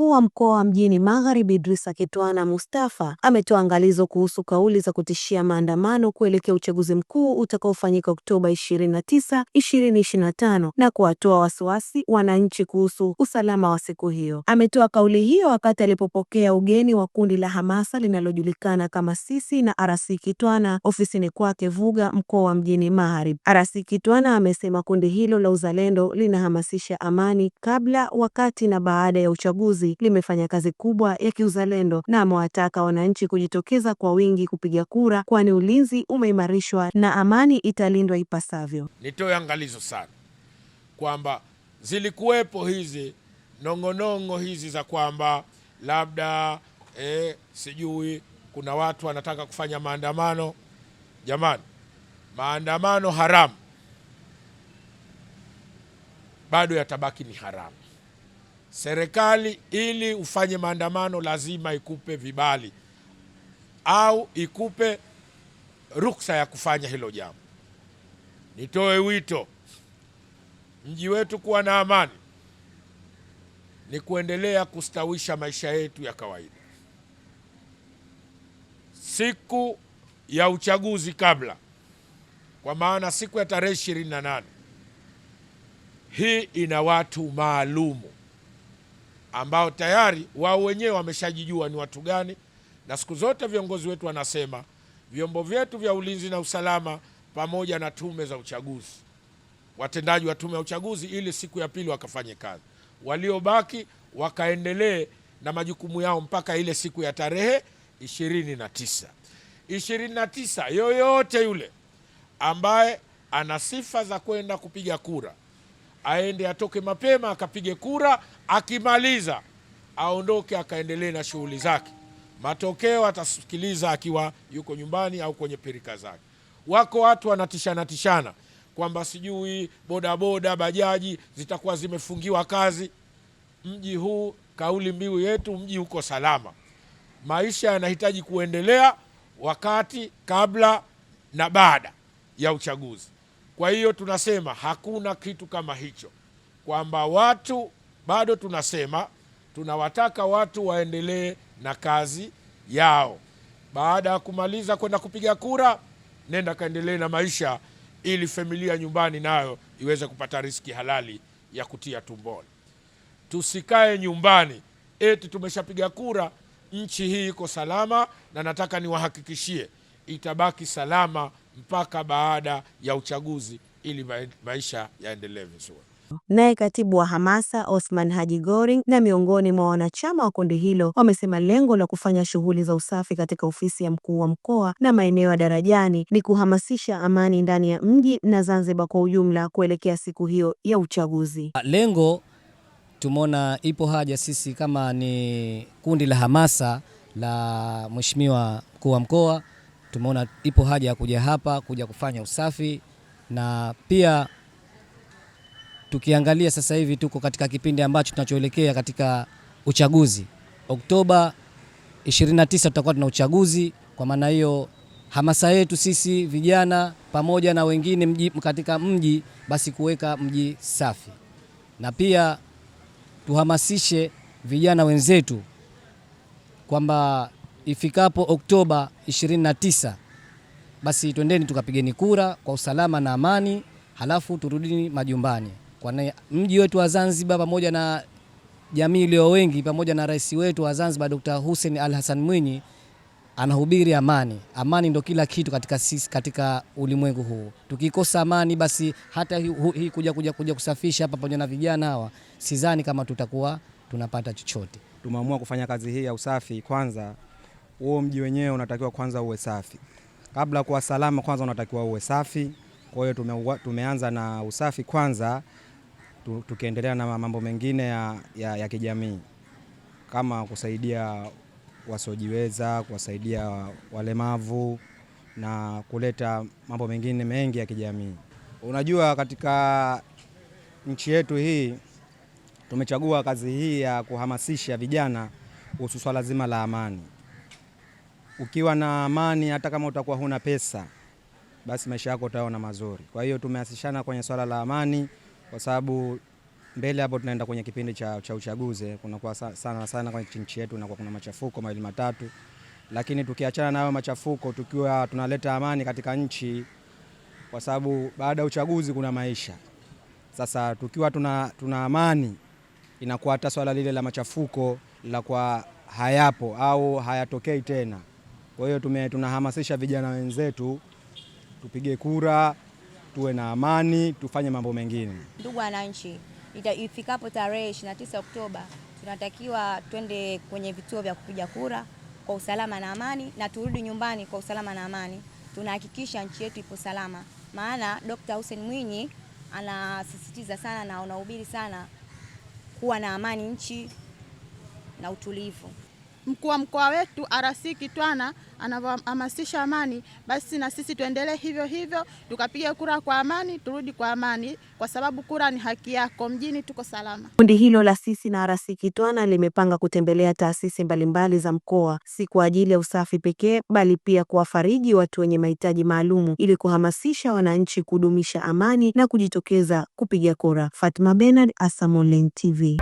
Mkuu wa Mkoa wa Mjini Magharibi Idrisa Kitwana Mustafa ametoa angalizo kuhusu kauli za kutishia maandamano kuelekea uchaguzi mkuu utakaofanyika Oktoba 29, 2025 na kuwatoa wasiwasi wananchi kuhusu usalama wa siku hiyo. Ametoa kauli hiyo wakati alipopokea ugeni wa kundi la hamasa linalojulikana kama Sisi na RC Kitwana ofisini kwake Vuga, Mkoa wa Mjini Magharibi. RC Kitwana amesema kundi hilo la uzalendo linahamasisha amani kabla, wakati na baada ya uchaguzi hili limefanya kazi kubwa ya kiuzalendo na amewataka wananchi kujitokeza kwa wingi kupiga kura, kwani ulinzi umeimarishwa na amani italindwa ipasavyo. Nitoe angalizo sana kwamba zilikuwepo hizi nong'onongo hizi za kwamba labda eh, sijui kuna watu wanataka kufanya maandamano. Jamani, maandamano haramu bado yatabaki ni haramu serikali ili ufanye maandamano lazima ikupe vibali au ikupe ruksa ya kufanya hilo jambo. Nitoe wito, mji wetu kuwa na amani ni kuendelea kustawisha maisha yetu ya kawaida. Siku ya uchaguzi kabla, kwa maana siku ya tarehe ishirini na nane hii ina watu maalumu ambao tayari wao wenyewe wameshajijua ni watu gani, na siku zote viongozi wetu wanasema vyombo vyetu vya ulinzi na usalama pamoja na tume za uchaguzi, watendaji wa tume ya uchaguzi, ili siku ya pili wakafanye kazi, waliobaki wakaendelee na majukumu yao mpaka ile siku ya tarehe ishirini na tisa ishirini na tisa. Yoyote yule ambaye ana sifa za kwenda kupiga kura aende atoke mapema akapige kura, akimaliza aondoke akaendelee na shughuli zake. Matokeo atasikiliza akiwa yuko nyumbani au kwenye pirika zake. Wako watu wanatishana tishana kwamba sijui bodaboda, bajaji zitakuwa zimefungiwa kazi. Mji huu, kauli mbiu yetu, mji uko salama. Maisha yanahitaji kuendelea wakati, kabla na baada ya uchaguzi. Kwa hiyo tunasema hakuna kitu kama hicho, kwamba watu bado tunasema tunawataka watu waendelee na kazi yao. Baada ya kumaliza kwenda kupiga kura, nenda kaendelee na maisha, ili familia nyumbani nayo iweze kupata riski halali ya kutia tumboni. Tusikae nyumbani eti tumeshapiga kura, nchi hii iko salama, na nataka niwahakikishie itabaki salama mpaka baada ya uchaguzi ili maisha yaendelee vizuri. Naye katibu wa hamasa Osman Haji Goring na miongoni mwa wanachama wa kundi hilo wamesema lengo la kufanya shughuli za usafi katika ofisi ya mkuu wa mkoa na maeneo ya Darajani ni kuhamasisha amani ndani ya mji na Zanzibar kwa ujumla kuelekea siku hiyo ya uchaguzi. Lengo tumeona ipo haja sisi kama ni kundi la hamasa la Mheshimiwa mkuu wa mkoa tumeona ipo haja ya kuja hapa kuja kufanya usafi, na pia tukiangalia sasa hivi tuko katika kipindi ambacho tunachoelekea katika uchaguzi. Oktoba 29 tutakuwa tuna uchaguzi. Kwa maana hiyo, hamasa yetu sisi vijana pamoja na wengine mji, katika mji basi kuweka mji safi, na pia tuhamasishe vijana wenzetu kwamba ifikapo Oktoba 29, basi twendeni tukapigeni kura kwa usalama na amani, halafu turudini majumbani kwa mji wetu wa Zanzibar pamoja na jamii iliyo wengi pamoja na rais wetu wa Zanzibar Dr. Hussein Al Hassan Mwinyi anahubiri amani. Amani ndo kila kitu katika, sisi, katika ulimwengu huu. Tukikosa amani, basi hata hii hi, kuja, kuja, kuja kusafisha hapa pamoja na vijana hawa, sidhani kama tutakuwa tunapata chochote. Tumeamua kufanya kazi hii ya usafi kwanza huo mji wenyewe unatakiwa kwanza uwe safi. Kabla kuwa salama, kwanza unatakiwa uwe safi. Kwa hiyo tume, tumeanza na usafi kwanza, tukiendelea na mambo mengine ya, ya, ya kijamii kama kusaidia wasiojiweza, kuwasaidia walemavu na kuleta mambo mengine mengi ya kijamii. Unajua, katika nchi yetu hii tumechagua kazi hii ya kuhamasisha vijana kuhusu swala zima la amani ukiwa na amani, hata kama utakuwa huna pesa, basi maisha yako utaona mazuri. Kwa hiyo tumeasishana kwenye swala la amani, kwa sababu mbele hapo tunaenda kwenye kipindi cha, cha uchaguzi. Kunakuwa sana sana kwenye nchi yetu unakuwa kuna machafuko mawili matatu, lakini tukiachana na hayo machafuko, tukiwa tunaleta amani katika nchi, kwa sababu baada ya uchaguzi kuna maisha. Sasa tukiwa tuna, tuna amani inakuwa hata swala lile la machafuko la kwa hayapo au hayatokei tena. Kwa hiyo tunahamasisha vijana wenzetu tupige kura, tuwe na amani, tufanye mambo mengine. Ndugu wananchi, ifikapo tarehe 29 Oktoba tunatakiwa twende kwenye vituo vya kupiga kura kwa usalama na amani, na turudi nyumbani kwa usalama na amani. Tunahakikisha nchi yetu ipo salama, maana Dr. Hussein Mwinyi anasisitiza sana na anahubiri sana kuwa na amani nchi na utulivu mkuu wa mkoa wetu RC Kitwana anavyohamasisha amani, basi na sisi tuendelee hivyo hivyo, tukapiga kura kwa amani, turudi kwa amani, kwa sababu kura ni haki yako. Mjini tuko salama. Kundi hilo la sisi na RC Kitwana limepanga kutembelea taasisi mbalimbali za mkoa, si kwa ajili ya usafi pekee, bali pia kuwafariji watu wenye mahitaji maalumu, ili kuhamasisha wananchi kudumisha amani na kujitokeza kupiga kura. Fatma Bernard, Asam Online TV.